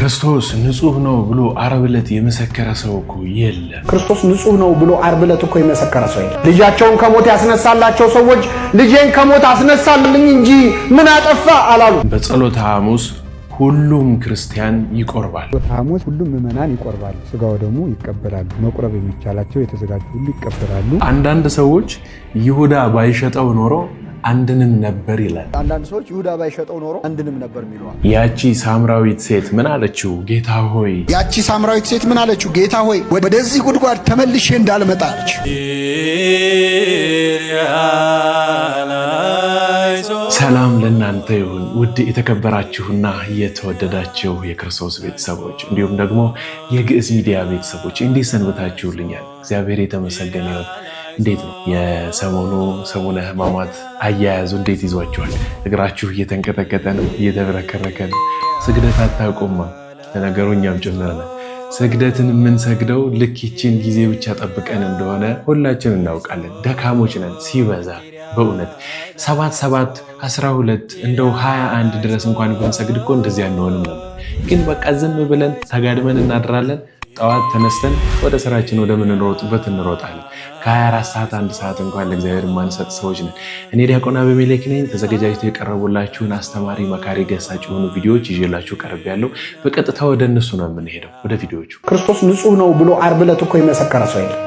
ክርስቶስ ንጹህ ነው ብሎ ዓርብ ዕለት የመሰከረ ሰው እኮ የለም። ክርስቶስ ንጹህ ነው ብሎ ዓርብ ዕለት እኮ የመሰከረ ሰው የለም። ልጃቸውን ከሞት ያስነሳላቸው ሰዎች ልጄን ከሞት አስነሳልኝ እንጂ ምን አጠፋ አላሉ። በጸሎተ ሐሙስ ሁሉም ክርስቲያን ይቆርባል። ሐሙስ ሁሉም ምዕመናን ይቆርባል ስጋው ደግሞ ይቀበላሉ። መቁረብ የሚቻላቸው የተዘጋጁ ሁሉ ይቀበላሉ። አንዳንድ ሰዎች ይሁዳ ባይሸጠው ኖሮ አንድንም ነበር ይላል። አንዳንድ ሰዎች ይሁዳ ባይሸጠው ኖሮ አንድንም ነበር የሚለዋል። ያቺ ሳምራዊት ሴት ምን አለችው? ጌታ ሆይ ያቺ ሳምራዊት ሴት ምን አለችው? ጌታ ሆይ ወደዚህ ጉድጓድ ተመልሼ እንዳልመጣ ሰላም ለእናንተ ይሁን ውድ የተከበራችሁና የተወደዳችሁ የክርስቶስ ቤተሰቦች እንዲሁም ደግሞ የግዕዝ ሚዲያ ቤተሰቦች እንዴት ሰንበታችሁልኛል? እግዚአብሔር የተመሰገነ ይሁን። እንዴት ነው የሰሞኑ ሰሙነ ሕማማት አያያዙ? እንዴት ይዟቸዋል? እግራችሁ እየተንቀጠቀጠ ነው፣ እየተብረከረከ ነው። ስግደት አታውቁማ። ለነገሩ እኛም ጭምር ነው ስግደትን የምንሰግደው ልክ ይችን ጊዜ ብቻ ጠብቀን እንደሆነ ሁላችን እናውቃለን። ደካሞች ነን ሲበዛ በእውነት ሰባት ሰባት አስራ ሁለት እንደው ሀያ አንድ ድረስ እንኳን ብንሰግድ እኮ እንደዚያ አንሆንም ነበር። ግን በቃ ዝም ብለን ተጋድመን እናድራለን። ጠዋት ተነስተን ወደ ስራችን ወደምንሮጥበት እንሮጣለን። ከ24 ሰዓት አንድ ሰዓት እንኳን ለእግዚአብሔር የማንሰጥ ሰዎች ነን። እኔ ዲያቆን አቤሜሌክ ነኝ። ተዘገጃጅተው የቀረቡላችሁን አስተማሪ፣ መካሪ፣ ገሳጭ የሆኑ ቪዲዮዎች ይዤላችሁ ቀርብ ያለው በቀጥታ ወደ እነሱ ነው የምንሄደው። ወደ ቪዲዮቹ ክርስቶስ ንጹህ ነው ብሎ አርብ ዕለት እኮ የመሰከረ ሰው የለም።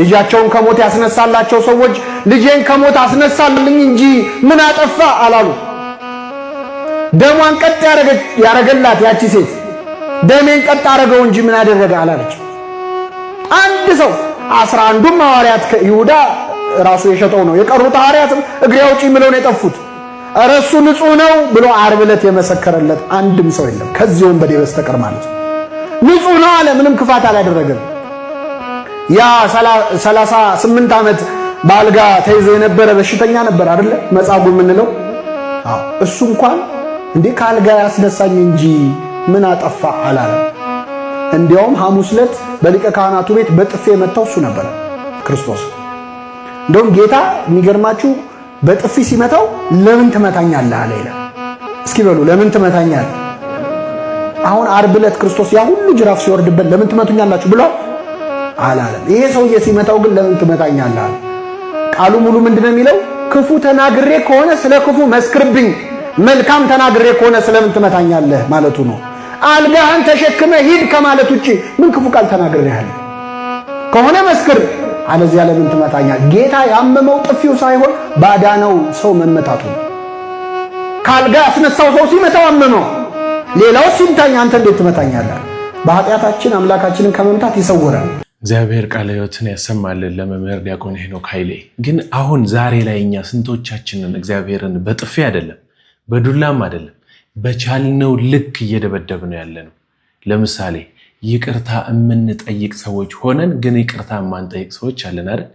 ልጃቸውን ከሞት ያስነሳላቸው ሰዎች ልጄን ከሞት አስነሳልኝ እንጂ ምን አጠፋ አላሉ። ደሟን ቀጥ ያረገላት ያቺ ሴት ደሜን ቀጥ አደረገው እንጂ ምን አደረገ አላለች? አንድ ሰው አስራ አንዱም ሐዋርያት ይሁዳ ራሱ የሸጠው ነው። የቀሩት ሐዋርያት እግሬ አውጪ ምለውን የጠፉት እረሱ ንጹህ ነው ብሎ ዓርብ ዕለት የመሰከረለት አንድም ሰው የለም ከዚህ ወንበዴ በስተቀር ማለት ነው። ንጹህ ነው አለ። ምንም ክፋት አላደረገም። ያ ሰላሳ ስምንት ዓመት በአልጋ ተይዞ የነበረ በሽተኛ ነበር አይደለ? መጻጉዕ የምንለው እሱ እንኳን እንዴ ከአልጋ ያስነሳኝ እንጂ ምን አጠፋ አላለም። እንዲያውም ሐሙስ ዕለት በሊቀ ካህናቱ ቤት በጥፊ የመታው እሱ ነበረ ክርስቶስ። እንደውም ጌታ የሚገርማችሁ በጥፊ ሲመታው ለምን ትመታኛለህ አለ ይላል። እስኪ በሉ ለምን ትመታኛለህ? አሁን ዓርብ ዕለት ክርስቶስ ያ ሁሉ ጅራፍ ሲወርድበት ለምን ትመቱኛላችሁ ብሎ አላለም። ይሄ ሰውዬ ሲመታው ግን ለምን ትመታኛለህ አለ። ቃሉ ሙሉ ምንድነው የሚለው? ክፉ ተናግሬ ከሆነ ስለ ክፉ መስክርብኝ፣ መልካም ተናግሬ ከሆነ ስለምን ትመታኛለህ ማለቱ ነው። አልጋህን ተሸክመ ሂድ ከማለት ውጭ ምን ክፉ ቃል ተናግሬሃል? ከሆነ መስክር፣ አለዚያ ለምን ትመታኛል? ጌታ ያመመው ጥፊው ሳይሆን ባዳነው ሰው መመታቱ። ከአልጋ ያስነሳው ሰው ሲመታው አመመው። ሌላው ሲምታኝ፣ አንተ እንዴት ትመታኛለህ? በኃጢአታችን አምላካችንን ከመምታት ይሰውራል። እግዚአብሔር ቃለ ሕይወትን ያሰማልን። ለመምህር ዲያቆን ሄኖክ ኃይሌ ግን አሁን ዛሬ ላይ እኛ ስንቶቻችንን እግዚአብሔርን በጥፊ አይደለም በዱላም አይደለም በቻልነው ልክ ነው ያለ ነው። ለምሳሌ ይቅርታ የምንጠይቅ ሰዎች ሆነን ግን ይቅርታ የማንጠይቅ ሰዎች አለን አይደል?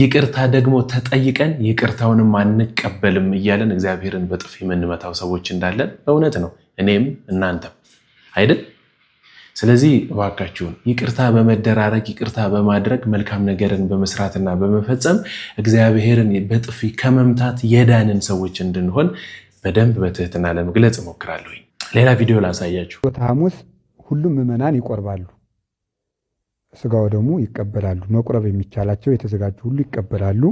ይቅርታ ደግሞ ተጠይቀን ይቅርታውንም አንቀበልም እያለን እግዚአብሔርን በጥፊ የምንመታው ሰዎች እንዳለን እውነት ነው። እኔም እናንተም አይደል? ስለዚህ እባካችሁን ይቅርታ በመደራረግ ይቅርታ በማድረግ መልካም ነገርን በመስራትና በመፈጸም እግዚአብሔርን በጥፊ ከመምታት የዳንን ሰዎች እንድንሆን በደንብ በትህትና ለመግለጽ እሞክራለሁኝ። ሌላ ቪዲዮ ላሳያችሁ። ሐሙስ ሁሉም ምዕመናን ይቆርባሉ፣ ስጋው ደግሞ ይቀበላሉ። መቁረብ የሚቻላቸው የተዘጋጁ ሁሉ ይቀበላሉ።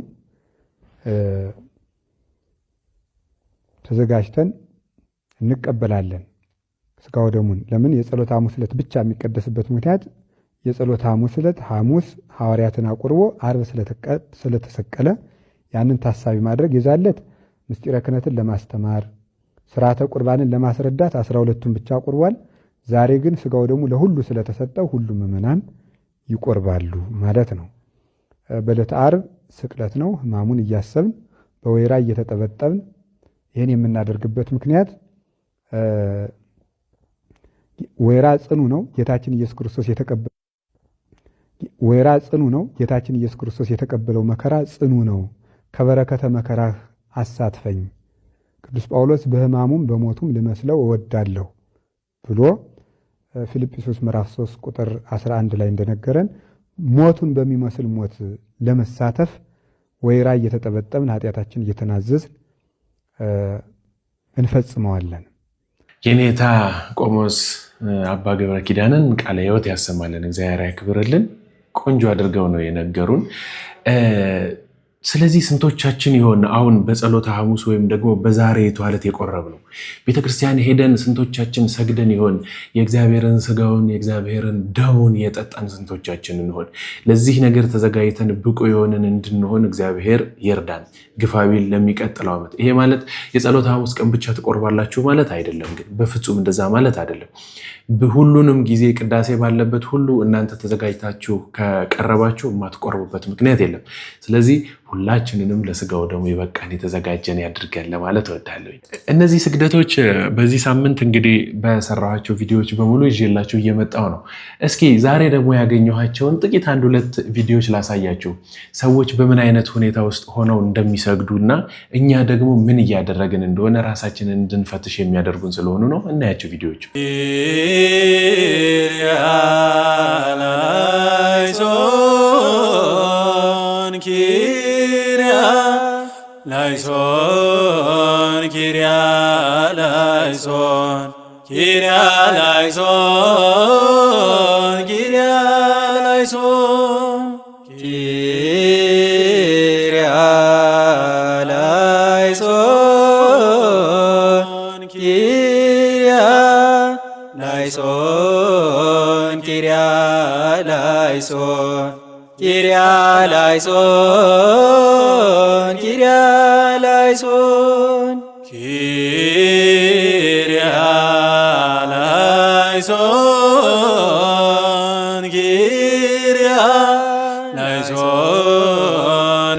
ተዘጋጅተን እንቀበላለን ስጋው ደሙን። ለምን የጸሎት ሐሙስ ዕለት ብቻ የሚቀደስበት ምክንያት የጸሎት ሐሙስ ዕለት ሐሙስ ሐዋርያትን አቁርቦ አርብ ስለተሰቀለ ያንን ታሳቢ ማድረግ የዛለት ምስጢረ ክነትን ለማስተማር ስርዓተ ቁርባንን ለማስረዳት አስራ ሁለቱን ብቻ ቁርቧል። ዛሬ ግን ስጋው ደግሞ ለሁሉ ስለተሰጠው ሁሉም ምእመናን ይቆርባሉ ማለት ነው። በዕለተ ዓርብ ስቅለት ነው። ህማሙን እያሰብን በወይራ እየተጠበጠብን ይህን የምናደርግበት ምክንያት ወይራ ጽኑ ነው ጌታችን ኢየሱስ ክርስቶስ የተቀበለው ወይራ ጽኑ ነው ጌታችን ኢየሱስ ክርስቶስ የተቀበለው መከራ ጽኑ ነው ከበረከተ መከራህ አሳትፈኝ፣ ቅዱስ ጳውሎስ በሕማሙም በሞቱም ልመስለው እወዳለሁ ብሎ ፊልጵሶስ ምዕራፍ 3 ቁጥር 11 ላይ እንደነገረን ሞቱን በሚመስል ሞት ለመሳተፍ ወይራ እየተጠበጠብን ኃጢአታችን እየተናዘዝ እንፈጽመዋለን። የኔታ ቆሞስ አባ ገብረ ኪዳንን ቃለ ሕይወት ያሰማልን፣ እግዚአብሔር ያክብርልን። ቆንጆ አድርገው ነው የነገሩን። ስለዚህ ስንቶቻችን ይሆን አሁን በጸሎተ ሐሙስ ወይም ደግሞ በዛሬ ተዋለት የቆረብ ነው? ቤተ ክርስቲያን ሄደን ስንቶቻችን ሰግደን ይሆን? የእግዚአብሔርን ስጋውን የእግዚአብሔርን ደሙን የጠጣን ስንቶቻችን እንሆን? ለዚህ ነገር ተዘጋጅተን ብቁ የሆንን እንድንሆን እግዚአብሔር ይርዳን። ግፋቢል ለሚቀጥለው ዓመት። ይሄ ማለት የጸሎት ሐሙስ ቀን ብቻ ትቆርባላችሁ ማለት አይደለም፣ ግን በፍጹም እንደዛ ማለት አይደለም። ሁሉንም ጊዜ ቅዳሴ ባለበት ሁሉ እናንተ ተዘጋጅታችሁ ከቀረባችሁ የማትቆርቡበት ምክንያት የለም። ስለዚህ ሁላችንንም ለስጋው ደግሞ የበቃን የተዘጋጀን ያድርገን ለማለት እወዳለሁ። እነዚህ ስደቶች በዚህ ሳምንት እንግዲህ በሰራኋቸው ቪዲዮዎች በሙሉ ይዤላችሁ እየመጣው ነው። እስኪ ዛሬ ደግሞ ያገኘኋቸውን ጥቂት አንድ ሁለት ቪዲዮዎች ላሳያችሁ። ሰዎች በምን አይነት ሁኔታ ውስጥ ሆነው እንደሚሰግዱ እና እኛ ደግሞ ምን እያደረግን እንደሆነ ራሳችንን እንድንፈትሽ የሚያደርጉን ስለሆኑ ነው። እናያቸው ቪዲዮዎቹ ላይሶን ኪሪያ ላይሶን ኪሪያ ላይሶን ኪሪያ ላይሶን ኪሪያ ላይሶን ኪሪያ ላይሶን ኪሪያ ላይሶን ኪሪያ ላይሶን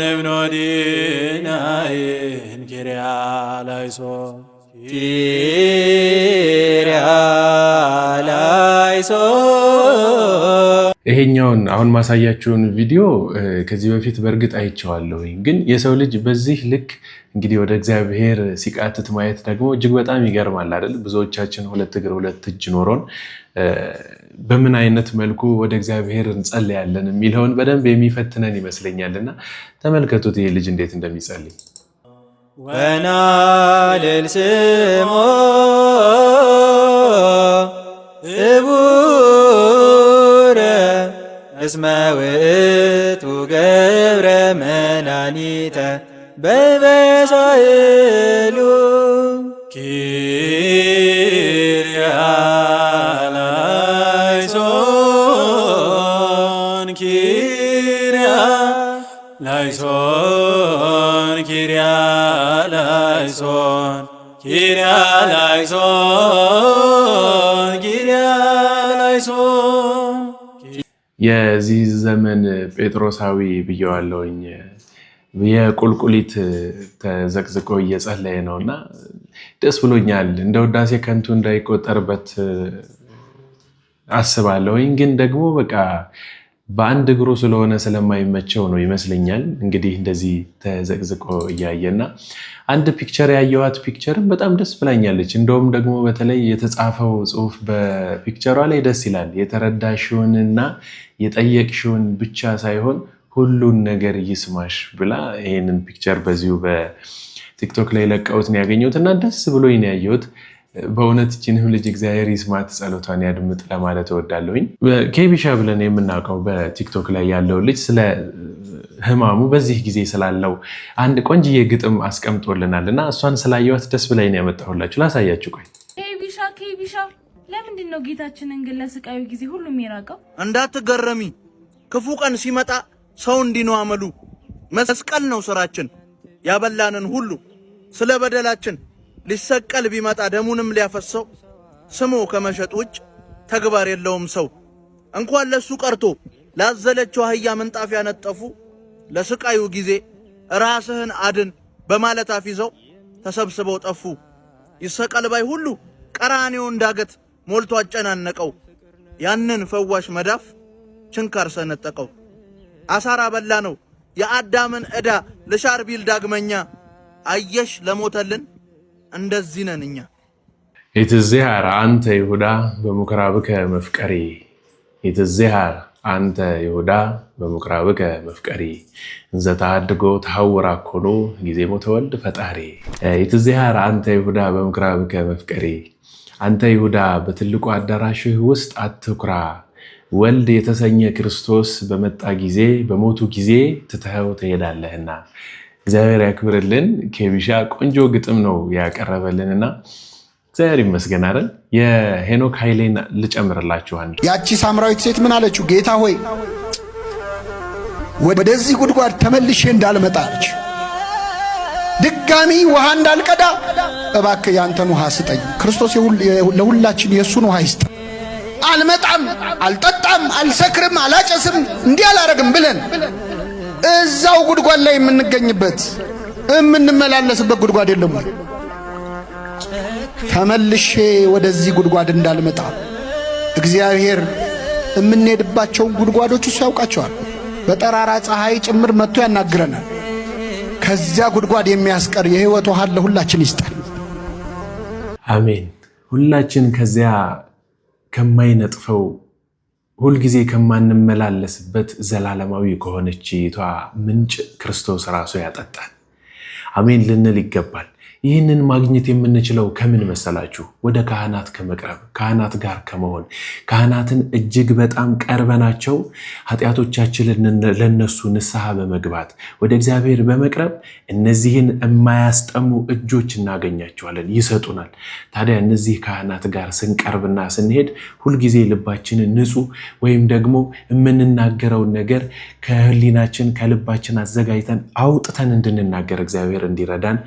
እብኖዲናይን ይሄኛውን አሁን ማሳያችሁን ቪዲዮ ከዚህ በፊት በእርግጥ አይቼዋለሁኝ፣ ግን የሰው ልጅ በዚህ ልክ እንግዲህ ወደ እግዚአብሔር ሲቃትት ማየት ደግሞ እጅግ በጣም ይገርማል አይደል? ብዙዎቻችን ሁለት እግር ሁለት እጅ ኖሮን በምን አይነት መልኩ ወደ እግዚአብሔር እንጸልያለን የሚለውን በደንብ የሚፈትነን ይመስለኛል። እና ተመልከቱት ይህ ልጅ እንዴት እንደሚጸልይ ወናልል ስሞ እስመ ውእቱ ገብረ መድኃኒተ በበሳይሉ ኪርያ ላይሶን ኪርያ ላይሶን ኪርያ የዚህ ዘመን ጴጥሮሳዊ ብየዋለውኝ የቁልቁሊት ተዘቅዝቆ እየጸለየ ነው እና ደስ ብሎኛል። እንደ ውዳሴ ከንቱ እንዳይቆጠርበት አስባለሁኝ ግን ደግሞ በቃ በአንድ እግሩ ስለሆነ ስለማይመቸው ነው ይመስለኛል። እንግዲህ እንደዚህ ተዘቅዝቆ እያየና አንድ ፒክቸር ያየዋት ፒክቸርም በጣም ደስ ብላኛለች። እንደውም ደግሞ በተለይ የተጻፈው ጽሑፍ በፒክቸሯ ላይ ደስ ይላል። የተረዳሽውንና የጠየቅሽውን ብቻ ሳይሆን ሁሉን ነገር ይስማሽ ብላ ይህንን ፒክቸር በዚሁ በቲክቶክ ላይ ለቀውት ነው ያገኘሁት እና ደስ ብሎኝ ነው ያየሁት። በእውነት ችንም ልጅ እግዚአብሔር ይስማት ጸሎቷን ያድምጥ ለማለት እወዳለሁኝ። ኬቢሻ ብለን የምናውቀው በቲክቶክ ላይ ያለው ልጅ ስለ ህማሙ በዚህ ጊዜ ስላለው አንድ ቆንጅዬ ግጥም አስቀምጦልናል እና እሷን ስላየዋት ደስ ብላኝ ነው ያመጣሁላችሁ። ላሳያችሁ። ቆይ ኬቢሻ ኬቢሻ፣ ለምንድን ነው ጌታችንን ግን ለስቃዩ ጊዜ ሁሉም የራቀው? እንዳትገረሚ፣ ክፉ ቀን ሲመጣ ሰው እንዲህ ነው አመሉ። መስቀል ነው ስራችን፣ ያበላንን ሁሉ ስለ በደላችን ሊሰቀል ቢመጣ ደሙንም ሊያፈሰው ስሙ ከመሸጥ ውጭ ተግባር የለውም ሰው። እንኳን ለሱ ቀርቶ ላዘለችው አህያ ምንጣፍ ያነጠፉ ለስቃዩ ጊዜ ራስህን አድን በማለት አፊዘው ተሰብስበው ጠፉ። ይሰቀል ባይ ሁሉ ቀራኔውን ዳገት ሞልቶ አጨናነቀው። ያንን ፈዋሽ መዳፍ ችንካር ሰነጠቀው። አሳራ በላ ነው የአዳምን ዕዳ ልሻር ቢል ዳግመኛ አየሽ ለሞተልን እንደዚህ ነን እኛ። የትዜሃር አንተ ይሁዳ በምኵራብከ መፍቀሪ የትዜሃር አንተ ይሁዳ በምኵራብከ መፍቀሪ እንዘ ተአድጎ ተሐውራ ኮኑ ጊዜሞ ተወልድ ፈጣሪ የትዜሃር አንተ ይሁዳ በምኵራብከ መፍቀሪ አንተ ይሁዳ በትልቁ አዳራሽህ ውስጥ አትኩራ። ወልድ የተሰኘ ክርስቶስ በመጣ ጊዜ በሞቱ ጊዜ ትተኸው ትሄዳለህና እግዚአብሔር ያክብርልን። ኬቢሻ ቆንጆ ግጥም ነው ያቀረበልን እና እግዚአብሔር ይመስገን አይደል። የሄኖክ ኃይሌን ልጨምርላችሁ አንድ። ያቺ ሳምራዊት ሴት ምን አለችው? ጌታ ሆይ ወደዚህ ጉድጓድ ተመልሼ እንዳልመጣ አለች። ድጋሚ ውሃ እንዳልቀዳ እባክህ ያንተን ውሃ ስጠኝ። ክርስቶስ ለሁላችን የእሱን ውሃ ይስጥ። አልመጣም፣ አልጠጣም፣ አልሰክርም፣ አላጨስም፣ እንዲህ አላረግም ብለን እዛው ጉድጓድ ላይ የምንገኝበት የምንመላለስበት ጉድጓድ የለም ወይ? ተመልሼ ወደዚህ ጉድጓድ እንዳልመጣ እግዚአብሔር የምንሄድባቸውን ጉድጓዶች እሱ ያውቃቸዋል። በጠራራ ፀሐይ ጭምር መጥቶ ያናግረናል። ከዚያ ጉድጓድ የሚያስቀር የህይወቱ ውሃ ለሁላችን ይስጣል። አሜን። ሁላችን ከዚያ ከማይነጥፈው ሁልጊዜ ከማንመላለስበት ዘላለማዊ ከሆነች ይቷ ምንጭ ክርስቶስ ራሱ ያጠጣል። አሜን ልንል ይገባል። ይህንን ማግኘት የምንችለው ከምን መሰላችሁ? ወደ ካህናት ከመቅረብ ካህናት ጋር ከመሆን ካህናትን እጅግ በጣም ቀርበናቸው ኃጢአቶቻችንን ለነሱ ንስሐ በመግባት ወደ እግዚአብሔር በመቅረብ እነዚህን የማያስጠሙ እጆች እናገኛቸዋለን፣ ይሰጡናል። ታዲያ እነዚህ ካህናት ጋር ስንቀርብና ስንሄድ ሁልጊዜ ልባችንን ንጹህ ወይም ደግሞ የምንናገረውን ነገር ከህሊናችን ከልባችን አዘጋጅተን አውጥተን እንድንናገር እግዚአብሔር እንዲረዳን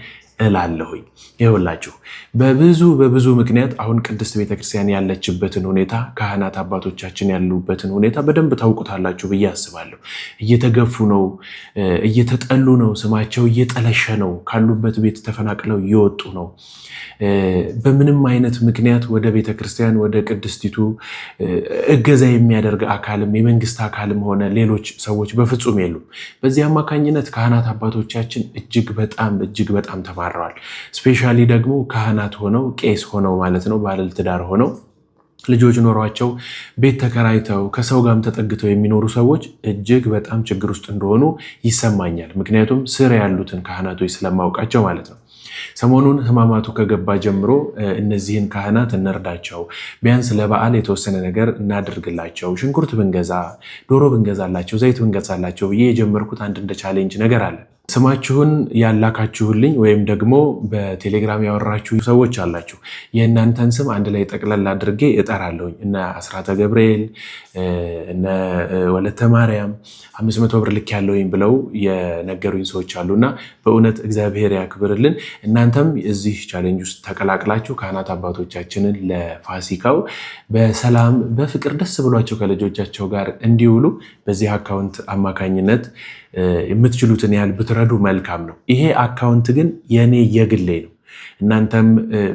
እላለሁኝ። ይኸውላችሁ በብዙ በብዙ ምክንያት አሁን ቅድስት ቤተክርስቲያን ያለችበትን ሁኔታ ካህናት አባቶቻችን ያሉበትን ሁኔታ በደንብ ታውቁታላችሁ ብዬ አስባለሁ። እየተገፉ ነው፣ እየተጠሉ ነው፣ ስማቸው እየጠለሸ ነው፣ ካሉበት ቤት ተፈናቅለው እየወጡ ነው። በምንም አይነት ምክንያት ወደ ቤተክርስቲያን ወደ ቅድስቲቱ እገዛ የሚያደርግ አካልም የመንግስት አካልም ሆነ ሌሎች ሰዎች በፍጹም የሉም። በዚህ አማካኝነት ካህናት አባቶቻችን እጅግ በጣም እጅግ በጣም ተማር ይጋራዋል። ስፔሻሊ ደግሞ ካህናት ሆነው ቄስ ሆነው ማለት ነው ባለልትዳር ትዳር ሆነው ልጆች ኖሯቸው ቤት ተከራይተው ከሰው ጋርም ተጠግተው የሚኖሩ ሰዎች እጅግ በጣም ችግር ውስጥ እንደሆኑ ይሰማኛል። ምክንያቱም ስር ያሉትን ካህናቶች ስለማውቃቸው ማለት ነው። ሰሞኑን ህማማቱ ከገባ ጀምሮ እነዚህን ካህናት እንርዳቸው፣ ቢያንስ ለበዓል የተወሰነ ነገር እናደርግላቸው፣ ሽንኩርት ብንገዛ፣ ዶሮ ብንገዛላቸው፣ ዘይት ብንገዛላቸው ብዬ የጀመርኩት አንድ እንደ ቻሌንጅ ነገር አለ። ስማችሁን ያላካችሁልኝ ወይም ደግሞ በቴሌግራም ያወራችሁ ሰዎች አላችሁ። የእናንተን ስም አንድ ላይ ጠቅለል አድርጌ እጠራለሁኝ። እነ አስራተ ገብርኤል እነ ወለተ ማርያም አምስት መቶ ብር ልክ ያለውኝ ብለው የነገሩኝ ሰዎች አሉና በእውነት እግዚአብሔር ያክብርልን። እናንተም እዚህ ቻሌንጅ ውስጥ ተቀላቅላችሁ ካህናት አባቶቻችንን ለፋሲካው በሰላም በፍቅር ደስ ብሏቸው ከልጆቻቸው ጋር እንዲውሉ በዚህ አካውንት አማካኝነት የምትችሉትን ያህል ብትረ ብትረዱ መልካም ነው። ይሄ አካውንት ግን የኔ የግሌ ነው። እናንተም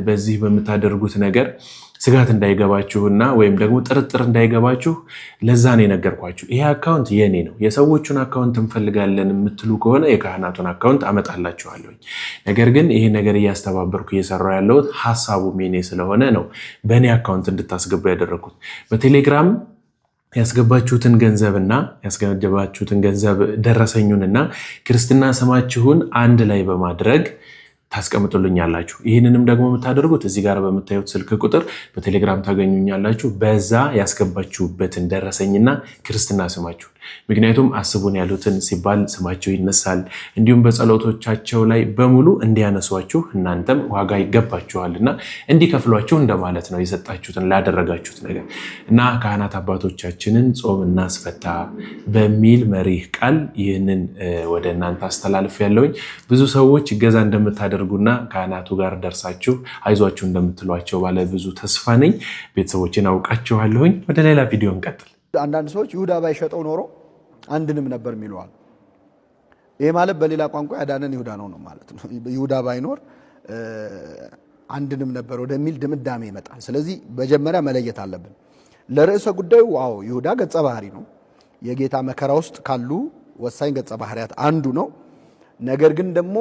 በዚህ በምታደርጉት ነገር ስጋት እንዳይገባችሁና ወይም ደግሞ ጥርጥር እንዳይገባችሁ ለዛ ነው የነገርኳችሁ። ይሄ አካውንት የኔ ነው። የሰዎቹን አካውንት እንፈልጋለን የምትሉ ከሆነ የካህናቱን አካውንት አመጣላችኋለሁኝ። ነገር ግን ይሄ ነገር እያስተባበርኩ እየሰራ ያለሁት ሀሳቡ የኔ ስለሆነ ነው በእኔ አካውንት እንድታስገቡ ያደረግኩት በቴሌግራም ያስገባችሁትን ገንዘብና ያስገባችሁትን ገንዘብ ደረሰኙንና ክርስትና ስማችሁን አንድ ላይ በማድረግ ታስቀምጡልኛላችሁ። ይህንንም ደግሞ የምታደርጉት እዚህ ጋር በምታዩት ስልክ ቁጥር በቴሌግራም ታገኙኛላችሁ። በዛ ያስገባችሁበትን ደረሰኝና ክርስትና ስማችሁ ምክንያቱም አስቡን ያሉትን ሲባል ስማቸው ይነሳል። እንዲሁም በጸሎቶቻቸው ላይ በሙሉ እንዲያነሷችሁ እናንተም ዋጋ እና እንዲከፍሏችሁ እንደማለት ነው የሰጣችሁትን ላደረጋችሁት ነገር እና ካህናት አባቶቻችንን ጾም እናስፈታ በሚል መሪህ ቃል ይህንን ወደ እናንተ አስተላልፍ ያለውኝ ብዙ ሰዎች እገዛ እንደምታደርጉና ካህናቱ ጋር ደርሳችሁ አይዟችሁ እንደምትሏቸው ባለ ብዙ ተስፋ ነኝ። ቤተሰቦችን አውቃችኋለሁኝ። ወደ ሌላ ቪዲዮ እንቀጥል። አንዳንድ ሰዎች ይሁዳ ባይሸጠው ኖሮ አንድንም ነበር የሚለዋል። ይሄ ማለት በሌላ ቋንቋ ያዳነን ይሁዳ ነው ነው ማለት ነው። ይሁዳ ባይኖር አንድንም ነበር ወደሚል ድምዳሜ ይመጣል። ስለዚህ መጀመሪያ መለየት አለብን። ለርዕሰ ጉዳዩ አዎ ይሁዳ ገጸ ባህሪ ነው። የጌታ መከራ ውስጥ ካሉ ወሳኝ ገጸ ባህሪያት አንዱ ነው። ነገር ግን ደግሞ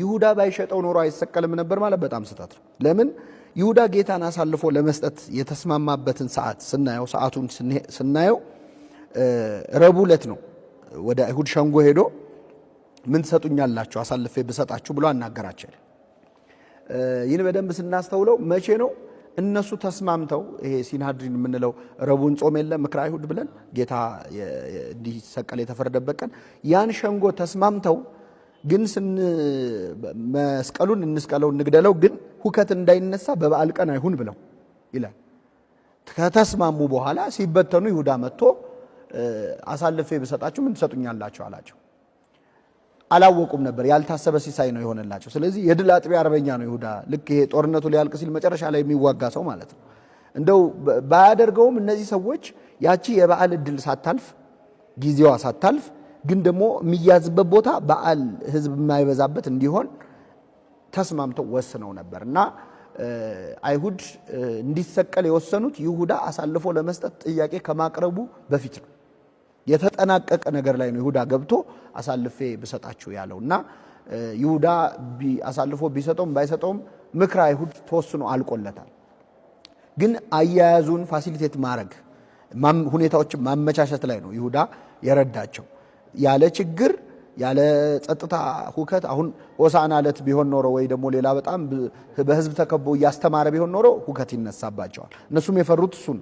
ይሁዳ ባይሸጠው ኖሮ አይሰቀልም ነበር ማለት በጣም ስህተት ነው። ለምን ይሁዳ ጌታን አሳልፎ ለመስጠት የተስማማበትን ሰዓት ስናየው፣ ሰዓቱን ስናየው ረቡዕ ዕለት ነው ወደ አይሁድ ሸንጎ ሄዶ ምን ትሰጡኛላችሁ አሳልፌ ብሰጣችሁ ብሎ አናገራቸው። ይህን በደንብ ስናስተውለው መቼ ነው እነሱ ተስማምተው ይሄ ሲናድሪን የምንለው ረቡዕን ጾም የለም ምክር አይሁድ ብለን ጌታ እንዲሰቀል የተፈረደበት ቀን ያን ሸንጎ ተስማምተው ግን መስቀሉን እንስቀለው እንግደለው፣ ግን ሁከት እንዳይነሳ በበዓል ቀን አይሁን ብለው ይላል። ከተስማሙ በኋላ ሲበተኑ ይሁዳ መጥቶ አሳልፌ ብሰጣችሁ ምን ትሰጡኛላችሁ አላቸው። አላወቁም ነበር። ያልታሰበ ሲሳይ ነው የሆነላቸው። ስለዚህ የድል አጥቢያ አርበኛ ነው ይሁዳ። ልክ ይሄ ጦርነቱ ሊያልቅ ሲል መጨረሻ ላይ የሚዋጋ ሰው ማለት ነው። እንደው ባያደርገውም እነዚህ ሰዎች ያቺ የበዓል እድል ሳታልፍ ጊዜዋ ሳታልፍ ግን ደግሞ የሚያዝበት ቦታ በዓል ህዝብ የማይበዛበት እንዲሆን ተስማምተው ወስነው ነበር እና አይሁድ እንዲሰቀል የወሰኑት ይሁዳ አሳልፎ ለመስጠት ጥያቄ ከማቅረቡ በፊት ነው። የተጠናቀቀ ነገር ላይ ነው ይሁዳ ገብቶ አሳልፌ ብሰጣችሁ ያለው እና ይሁዳ አሳልፎ ቢሰጠውም ባይሰጠውም ምክር አይሁድ ተወስኖ አልቆለታል። ግን አያያዙን ፋሲሊቴት ማድረግ ሁኔታዎችን ማመቻቸት ላይ ነው ይሁዳ የረዳቸው። ያለ ችግር ያለ ጸጥታ ሁከት አሁን ሆሳዕና ዕለት ቢሆን ኖሮ ወይ ደግሞ ሌላ በጣም በህዝብ ተከቦ እያስተማረ ቢሆን ኖሮ ሁከት ይነሳባቸዋል። እነሱም የፈሩት እሱን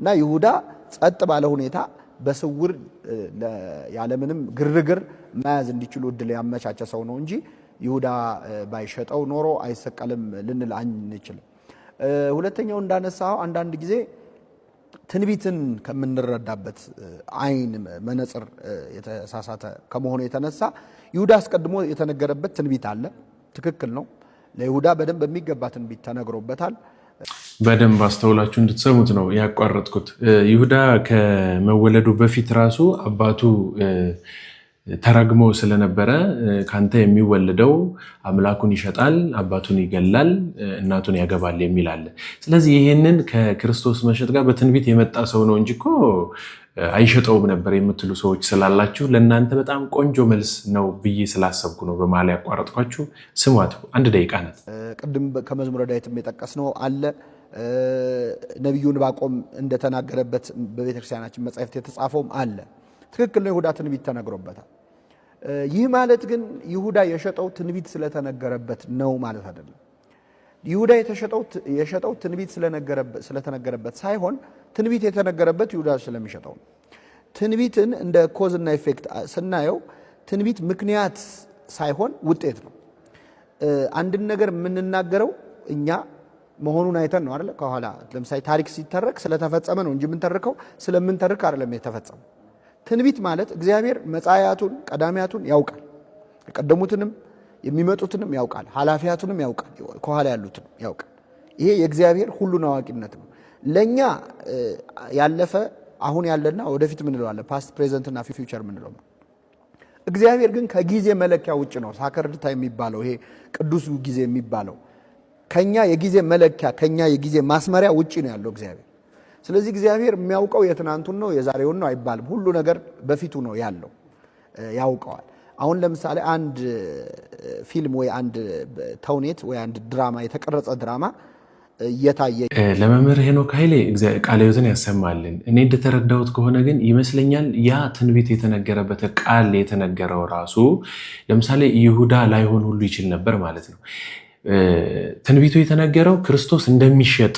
እና ይሁዳ ጸጥ ባለ ሁኔታ በስውር ያለምንም ግርግር መያዝ እንዲችሉ እድል ያመቻቸ ሰው ነው እንጂ ይሁዳ ባይሸጠው ኖሮ አይሰቀልም ልንል አንችልም። ሁለተኛው እንዳነሳው አንዳንድ ጊዜ ትንቢትን ከምንረዳበት አይን መነጽር የተሳሳተ ከመሆኑ የተነሳ ይሁዳ አስቀድሞ የተነገረበት ትንቢት አለ። ትክክል ነው። ለይሁዳ በደንብ የሚገባ ትንቢት ተነግሮበታል። በደንብ አስተውላችሁ እንድትሰሙት ነው ያቋረጥኩት። ይሁዳ ከመወለዱ በፊት ራሱ አባቱ ተረግሞ ስለነበረ ካንተ የሚወለደው አምላኩን ይሸጣል፣ አባቱን ይገላል፣ እናቱን ያገባል የሚል አለ። ስለዚህ ይህንን ከክርስቶስ መሸጥ ጋር በትንቢት የመጣ ሰው ነው እንጂ እኮ አይሸጠውም ነበር የምትሉ ሰዎች ስላላችሁ ለእናንተ በጣም ቆንጆ መልስ ነው ብዬ ስላሰብኩ ነው በመሀል ያቋረጥኳችሁ። ስሟት፣ አንድ ደቂቃ ናት። ቅድም ከመዝሙረ ዳዊትም የጠቀስነው አለ ነቢዩን ዕንባቆም እንደተናገረበት በቤተክርስቲያናችን መጻሕፍት የተጻፈውም አለ። ትክክል ነው። ይሁዳ ትንቢት ተነግሮበታል። ይህ ማለት ግን ይሁዳ የሸጠው ትንቢት ስለተነገረበት ነው ማለት አይደለም። ይሁዳ የሸጠው ትንቢት ስለተነገረበት ሳይሆን ትንቢት የተነገረበት ይሁዳ ስለሚሸጠው ነው። ትንቢትን እንደ ኮዝና ኢፌክት ስናየው ትንቢት ምክንያት ሳይሆን ውጤት ነው። አንድን ነገር የምንናገረው እኛ መሆኑን አይተን ነው አይደለ? ከኋላ ለምሳሌ ታሪክ ሲተረክ ስለተፈጸመ ነው እንጂ የምንተርከው ስለምንተርክ አይደለም የተፈጸመው ትንቢት ማለት እግዚአብሔር መጻያቱን ቀዳሚያቱን ያውቃል፣ የቀደሙትንም የሚመጡትንም ያውቃል፣ ኃላፊያቱንም ያውቃል፣ ከኋላ ያሉትንም ያውቃል። ይሄ የእግዚአብሔር ሁሉን አዋቂነት ነው። ለእኛ ያለፈ አሁን ያለና ወደፊት ምንለዋለን ፓስት ፕሬዘንትና ፊውቸር ምንለው ነው። እግዚአብሔር ግን ከጊዜ መለኪያ ውጭ ነው። ሳከርድታ የሚባለው ይሄ ቅዱስ ጊዜ የሚባለው ከኛ የጊዜ መለኪያ ከኛ የጊዜ ማስመሪያ ውጭ ነው ያለው እግዚአብሔር ስለዚህ እግዚአብሔር የሚያውቀው የትናንቱን ነው የዛሬውን ነው አይባልም። ሁሉ ነገር በፊቱ ነው ያለው፣ ያውቀዋል። አሁን ለምሳሌ አንድ ፊልም ወይ አንድ ተውኔት ወይ አንድ ድራማ የተቀረጸ ድራማ እየታየ ለመምህር ሄኖክ ኃይሌ ቃለ ሕይወትን ያሰማልን። እኔ እንደተረዳሁት ከሆነ ግን ይመስለኛል ያ ትንቢት የተነገረበት ቃል የተነገረው ራሱ ለምሳሌ ይሁዳ ላይሆን ሁሉ ይችል ነበር ማለት ነው። ትንቢቱ የተነገረው ክርስቶስ እንደሚሸጥ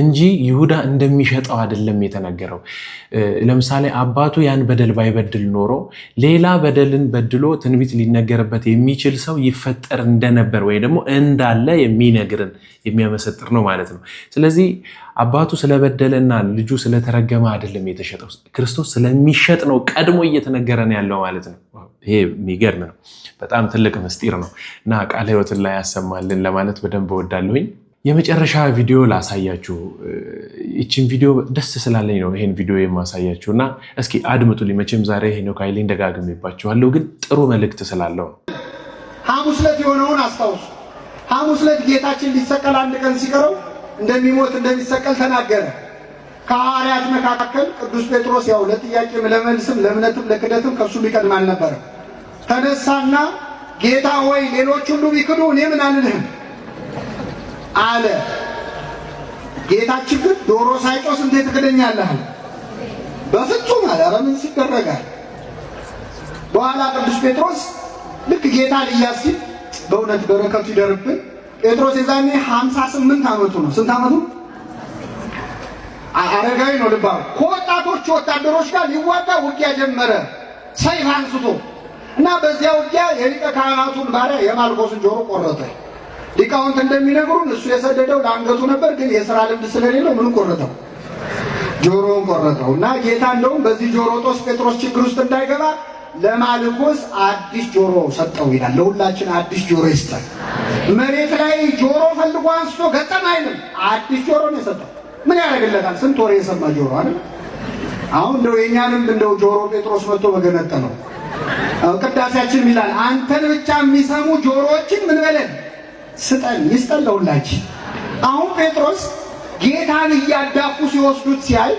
እንጂ ይሁዳ እንደሚሸጠው አይደለም የተነገረው። ለምሳሌ አባቱ ያን በደል ባይበድል ኖሮ ሌላ በደልን በድሎ ትንቢት ሊነገርበት የሚችል ሰው ይፈጠር እንደነበር ወይ ደግሞ እንዳለ የሚነግርን የሚያመሰጥር ነው ማለት ነው። ስለዚህ አባቱ ስለበደለና ልጁ ስለተረገመ አይደለም የተሸጠው፣ ክርስቶስ ስለሚሸጥ ነው ቀድሞ እየተነገረን ያለው ማለት ነው። ይሄ የሚገርም ነው። በጣም ትልቅ ምስጢር ነው እና ቃለ ሕይወትን ላይ ያሰማልን ለማለት በደንብ እወዳለሁኝ። የመጨረሻ ቪዲዮ ላሳያችሁ። ይችን ቪዲዮ ደስ ስላለኝ ነው ይሄን ቪዲዮ የማሳያችሁ እና እስኪ አድምጡ። መቼም ዛሬ ሄኖክ ኃይሌን ደጋግሜባችኋለሁ፣ ግን ጥሩ መልእክት ስላለው ነው። ሐሙስ ዕለት የሆነውን አስታውሱ። ሐሙስ ዕለት ጌታችን ሊሰቀል አንድ ቀን ሲቀረው እንደሚሞት እንደሚሰቀል ተናገረ። ከሐዋርያት መካከል ቅዱስ ጴጥሮስ ያው ለጥያቄም ለመልስም ለእምነትም ለክደትም ከእሱ ቢቀድም አልነበረም። ተነሳና ጌታ ሆይ ሌሎች ሁሉ ቢክዱ እኔ ምን አልልህም አለ። ጌታችን ግን ዶሮ ሳይጮህ እንዴት ትክደኛለህ? በፍጹም አለ። ኧረ ምን በኋላ ቅዱስ ጴጥሮስ ልክ ጌታ ልያዝ ሲል በእውነት በረከቱ ይደርብን። ጴጥሮስ የዛኔ ሀምሳ ስምንት ዓመቱ ነው። ስንት ዓመቱ? አረጋዊ ነው። ልባ ከወጣቶች ወታደሮች ጋር ሊዋጋ ውጊያ ጀመረ፣ ሰይፍ አንስቶ እና በዚያ ውጊያ የሊቀ ካህናቱን ባሪያ የማልቆስን ጆሮ ቆረጠ። ሊቃውንት እንደሚነግሩን እሱ የሰደደው ለአንገቱ ነበር፣ ግን የስራ ልምድ ስለሌለው ምን ቆረጠው? ጆሮውን ቆረጠው እና ጌታ እንደውም በዚህ ጆሮ ጦስ ጴጥሮስ ችግር ውስጥ እንዳይገባ ለማልኮስ አዲስ ጆሮ ሰጠው ይላል። ለሁላችን አዲስ ጆሮ ይስጠን። መሬት ላይ ጆሮ ፈልጎ አንስቶ ገጠም አይልም፣ አዲስ ጆሮ ነው የሰጠው። ምን ያደርግለታል? ስንት ወሬ የሰማ ጆሮ አይደል? አሁን እንደው የእኛንም እንደው ጆሮ ጴጥሮስ መጥቶ በገነጠ ነው። ቅዳሴያችን ይላል አንተን ብቻ የሚሰሙ ጆሮዎችን ምን በለን ስጠን ይስጠለውላችሁ። አሁን ጴጥሮስ ጌታን እያዳፉ ሲወስዱት ሲያይ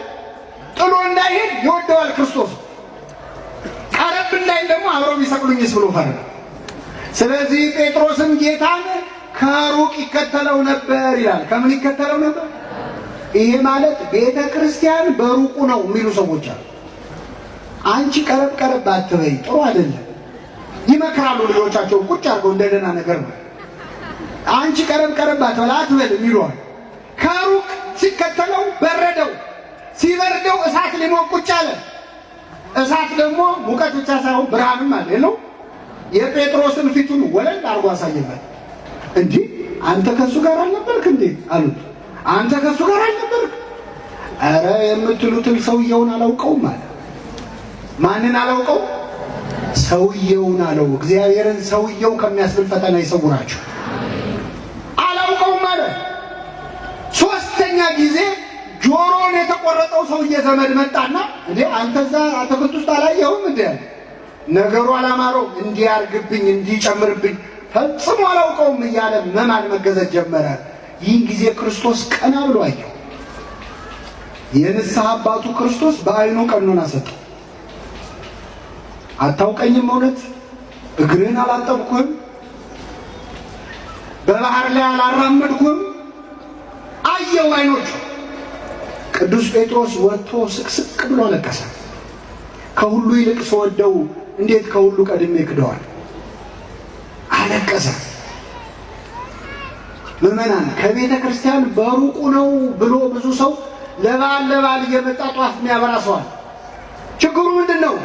ጥሎ እንዳይሄድ ይወደዋል ክርስቶስ ቀረብ እንዳይል ደግሞ አብረው ቢሰቅሉኝስ ብሎ ፈረ። ስለዚህ ጴጥሮስም ጌታን ከሩቅ ይከተለው ነበር ይላል። ከምን ይከተለው ነበር? ይሄ ማለት ቤተ ክርስቲያን በሩቁ ነው የሚሉ ሰዎች አሉ። አንቺ ቀረብ ቀረብ አትበይ ጥሩ አይደለም ይመክራሉ ልጆቻቸው ቁጭ አድርገው እንደደና ነገር ነው አንቺ ቀረብ ቀረብ አትበል አትበል የሚለዋል። ከሩቅ ሲከተለው በረደው፣ ሲበርደው እሳት ሊሞቅ ቁጭ አለ። እሳት ደግሞ ሙቀት ብቻ ሳይሆን ብርሃንም አለ ነው። የጴጥሮስን ፊቱን ወለል አርጎ አሳየበት። እንዲህ አንተ ከሱ ጋር አልነበርክ እንዴ አሉት። አንተ ከሱ ጋር አልነበርክ? ኧረ የምትሉትን ሰውየውን አላውቀውም አለ። ማንን አላውቀው? ሰውየውን አለው። እግዚአብሔርን ሰውየው ከሚያስብል ፈተና ይሰውራችሁ። ሁለተኛ ጊዜ ጆሮን የተቆረጠው ሰውዬ ዘመድ መጣና እንዴ አንተ እዛ አትክልት ውስጥ አላየሁም እንዴ? ነገሩ አላማረው እንዲያርግብኝ እንዲጨምርብኝ ፈጽሞ አላውቀውም እያለ መማል መገዘት ጀመረ። ይህን ጊዜ ክርስቶስ ቀና ብሎ አየው። የንስሐ አባቱ ክርስቶስ በአይኑ ቀኖና ሰጠው። አታውቀኝም? እውነት እግርህን አላጠብኩም በባህር ላይ አላራመድኩም አየው አይኖቹ። ቅዱስ ጴጥሮስ ወጥቶ ስቅስቅ ብሎ ለቀሰ። ከሁሉ ይልቅ ስወደው እንዴት ከሁሉ ቀድሜ ክደዋል? አለቀሰ። ምዕመናን ከቤተ ክርስቲያን በሩቁ ነው ብሎ ብዙ ሰው ለበዓል ለበዓል እየመጣ ጧፍ የሚያበራ ሰዋል። ችግሩ ምንድን ነው?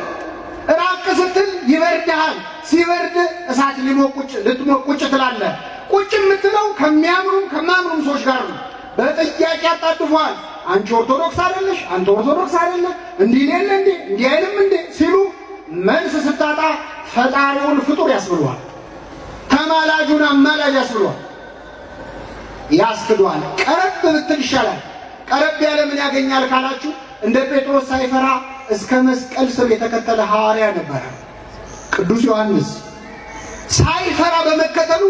ራቅ ስትል ይበርድሃል። ሲበርድ እሳት ሊሞቁጭ ልትሞቁጭ ትላለህ። ቁጭ የምትለው ከሚያምሩም ከማምሩም ሰዎች ጋር ነው። በጥያቄ አጣጥፏል። አንቺ ኦርቶዶክስ አይደለሽ፣ አንተ ኦርቶዶክስ አይደለ፣ እንዲህ ሌለ እንዴ እንዲህ አይልም እንዴ ሲሉ መልስ ስታጣ ፈጣሪውን ፍጡር ያስብሏል። ተማላጁን አማላጅ ያስብሏል፣ ያስክዷል። ቀረብ ብትል ይሻላል። ቀረብ ያለ ምን ያገኛል ካላችሁ እንደ ጴጥሮስ ሳይፈራ እስከ መስቀል ስር የተከተለ ሐዋርያ ነበረ ቅዱስ ዮሐንስ ሳይፈራ በመከተሉ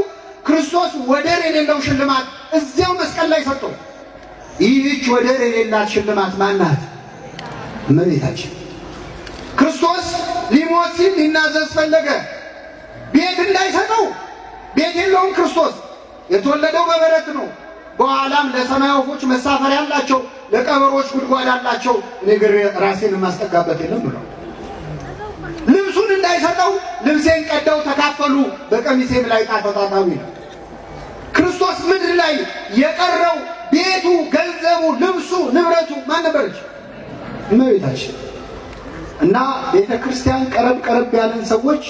ክርስቶስ ወደር የሌለው ሽልማት እዚያው መስቀል ላይ ሰጠው። ይህች ወደር የሌላት ሽልማት ማናት? እመቤታችን። ክርስቶስ ሊሞት ሲል ሊናዘዝ ፈለገ። ቤት እንዳይሰጠው ቤት የለውም ክርስቶስ የተወለደው በበረት ነው። በኋላም ለሰማይ ወፎች መሳፈሪያ አላቸው፣ ለቀበሮች ጉድጓድ አላቸው፣ ንግር ራሴን የማስጠጋበት የለም ብለው ልብሱን እንዳይሰጠው ልብሴን ቀደው ተካፈሉ፣ በቀሚሴም ላይ ዕጣ ተጣጣሚ ነው በግብፅ ምድር ላይ የቀረው ቤቱ፣ ገንዘቡ፣ ልብሱ፣ ንብረቱ ማን ነበረች? እመቤታችን። እና ቤተ ክርስቲያን ቀረብ ቀረብ ያለን ሰዎች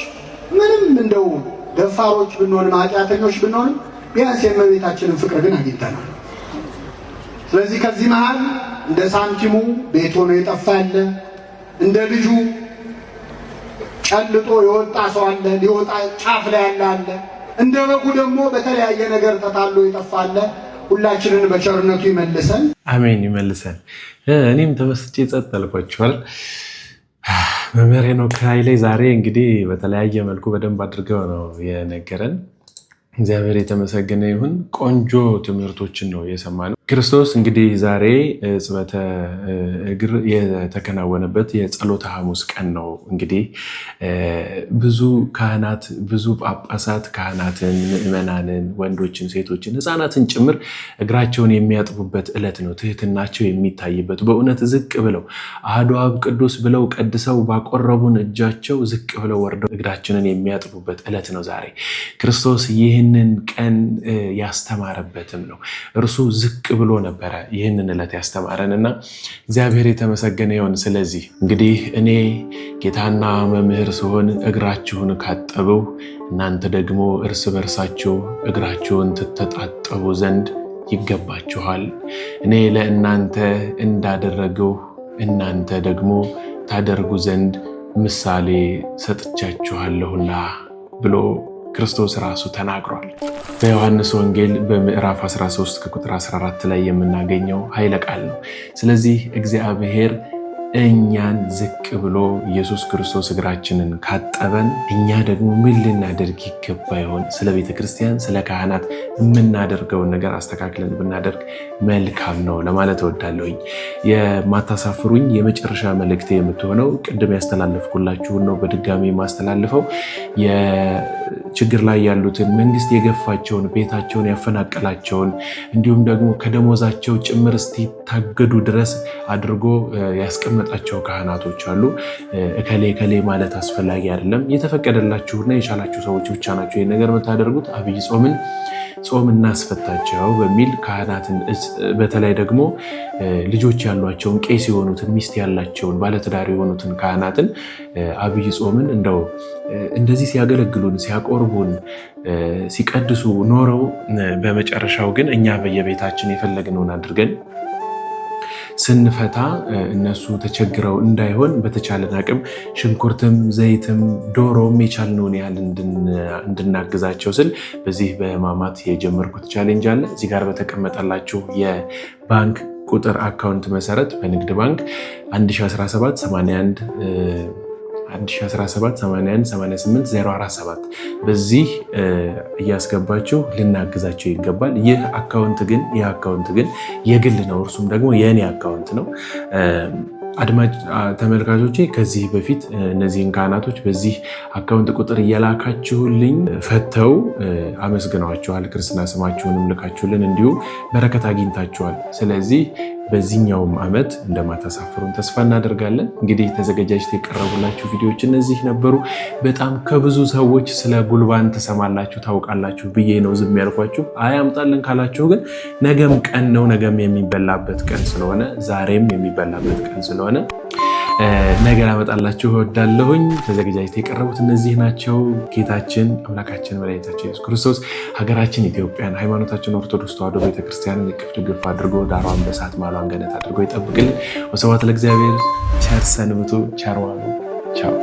ምንም እንደው ደፋሮች ብንሆንም ኃጢአተኞች ብንሆንም ቢያንስ የእመቤታችንን ፍቅር ግን አግኝተናል። ስለዚህ ከዚህ መሃል እንደ ሳንቲሙ ቤት ሆኖ የጠፋ ያለ እንደ ልጁ ጨልጦ የወጣ ሰው አለ፣ ሊወጣ ጫፍ ላይ ያለ አለ እንደ በጉ ደግሞ በተለያየ ነገር ተታሎ ይጠፋለ። ሁላችንን በቸርነቱ ይመልሰን፣ አሜን። ይመልሰን። እኔም ተመስጬ ጸጥ አልኳቸዋል። መምህር ሄኖክ ኃይሌ ዛሬ እንግዲህ በተለያየ መልኩ በደንብ አድርገው ነው የነገረን። እግዚአብሔር የተመሰገነ ይሁን። ቆንጆ ትምህርቶችን ነው የሰማነው። ክርስቶስ እንግዲህ ዛሬ ጽበተ እግር የተከናወነበት የጸሎተ ሐሙስ ቀን ነው። እንግዲህ ብዙ ካህናት፣ ብዙ ጳጳሳት ካህናትን፣ ምዕመናንን፣ ወንዶችን፣ ሴቶችን፣ ህፃናትን ጭምር እግራቸውን የሚያጥቡበት ዕለት ነው። ትህትናቸው የሚታይበት በእውነት ዝቅ ብለው አሐዱ አብ ቅዱስ ብለው ቀድሰው ባቆረቡን እጃቸው ዝቅ ብለው ወርደው እግራችንን የሚያጥቡበት ዕለት ነው ዛሬ። ክርስቶስ ይህንን ቀን ያስተማረበትም ነው። እርሱ ዝቅ ብሎ ነበረ ይህንን ዕለት ያስተማረን እና እግዚአብሔር የተመሰገነ ይሆን ስለዚህ እንግዲህ እኔ ጌታና መምህር ስሆን እግራችሁን ካጠበው እናንተ ደግሞ እርስ በርሳችሁ እግራችሁን ትተጣጠቡ ዘንድ ይገባችኋል። እኔ ለእናንተ እንዳደረገው እናንተ ደግሞ ታደርጉ ዘንድ ምሳሌ ሰጥቻችኋለሁና ብሎ ክርስቶስ ራሱ ተናግሯል። በዮሐንስ ወንጌል በምዕራፍ 13 ከቁጥር 14 ላይ የምናገኘው ኃይለ ቃል ነው። ስለዚህ እግዚአብሔር እኛን ዝቅ ብሎ ኢየሱስ ክርስቶስ እግራችንን ካጠበን እኛ ደግሞ ምን ልናደርግ ይገባ ይሆን? ስለ ቤተ ክርስቲያን፣ ስለ ካህናት የምናደርገውን ነገር አስተካክለን ብናደርግ መልካም ነው ለማለት እወዳለሁኝ። የማታሳፍሩኝ የመጨረሻ መልእክቴ የምትሆነው ቅድም ያስተላለፍኩላችሁን ነው በድጋሚ የማስተላልፈው ችግር ላይ ያሉትን መንግስት የገፋቸውን ቤታቸውን ያፈናቀላቸውን እንዲሁም ደግሞ ከደሞዛቸው ጭምር እስኪታገዱ ድረስ አድርጎ ያስቀ የምናስመጣቸው ካህናቶች አሉ። እከሌ እከሌ ማለት አስፈላጊ አይደለም። የተፈቀደላችሁና የቻላችሁ ሰዎች ብቻ ናቸው ይህ ነገር የምታደርጉት። አብይ ጾምን ጾም እናስፈታቸው በሚል ካህናትን በተለይ ደግሞ ልጆች ያሏቸውን ቄስ የሆኑትን ሚስት ያላቸውን ባለትዳር የሆኑትን ካህናትን አብይ ጾምን እንደው እንደዚህ ሲያገለግሉን ሲያቆርቡን ሲቀድሱ ኖረው በመጨረሻው ግን እኛ በየቤታችን የፈለግነውን አድርገን ስንፈታ እነሱ ተቸግረው እንዳይሆን በተቻለን አቅም ሽንኩርትም፣ ዘይትም፣ ዶሮም የቻልነውን ያህል እንድናግዛቸው ስል በዚህ በህማማት የጀመርኩት ቻሌንጅ አለ። እዚህ ጋር በተቀመጠላችሁ የባንክ ቁጥር አካውንት መሰረት በንግድ ባንክ 1017 81 1178888 በዚህ እያስገባችሁ ልናግዛቸው ይገባል። ይህ አካውንት ግን ይህ አካውንት ግን የግል ነው፣ እርሱም ደግሞ የእኔ አካውንት ነው። አድማጭ ተመልካቾቼ ከዚህ በፊት እነዚህን ካህናቶች በዚህ አካውንት ቁጥር እየላካችሁልኝ ፈተው አመስግነዋችኋል። ክርስትና ስማችሁንም ልካችሁልን እንዲሁ በረከት አግኝታችኋል። ስለዚህ በዚህኛውም ዓመት እንደማታሳፍሩን ተስፋ እናደርጋለን። እንግዲህ ተዘጋጃጅተው የቀረቡላችሁ ቪዲዮዎች እነዚህ ነበሩ። በጣም ከብዙ ሰዎች ስለ ጉልባን ትሰማላችሁ ታውቃላችሁ ብዬ ነው ዝም ያልኳችሁ። አያምጣልን ካላችሁ ግን ነገም ቀን ነው፣ ነገም የሚበላበት ቀን ስለሆነ ዛሬም የሚበላበት ቀን ስለሆነ ነገር አመጣላችሁ እወዳለሁኝ። ተዘጋጅተው የቀረቡት እነዚህ ናቸው። ጌታችን አምላካችን መድኃኒታችን ኢየሱስ ክርስቶስ ሀገራችን ኢትዮጵያን፣ ሃይማኖታችን ኦርቶዶክስ ተዋሕዶ ቤተክርስቲያንን እቅፍ ድግፍ አድርጎ ዳሯን በሳት ማሏን ገነት አድርጎ ይጠብቅልን። ወስብሐት ለእግዚአብሔር። ቸር ሰንብቱ። ቸር ዋሉ። ቻው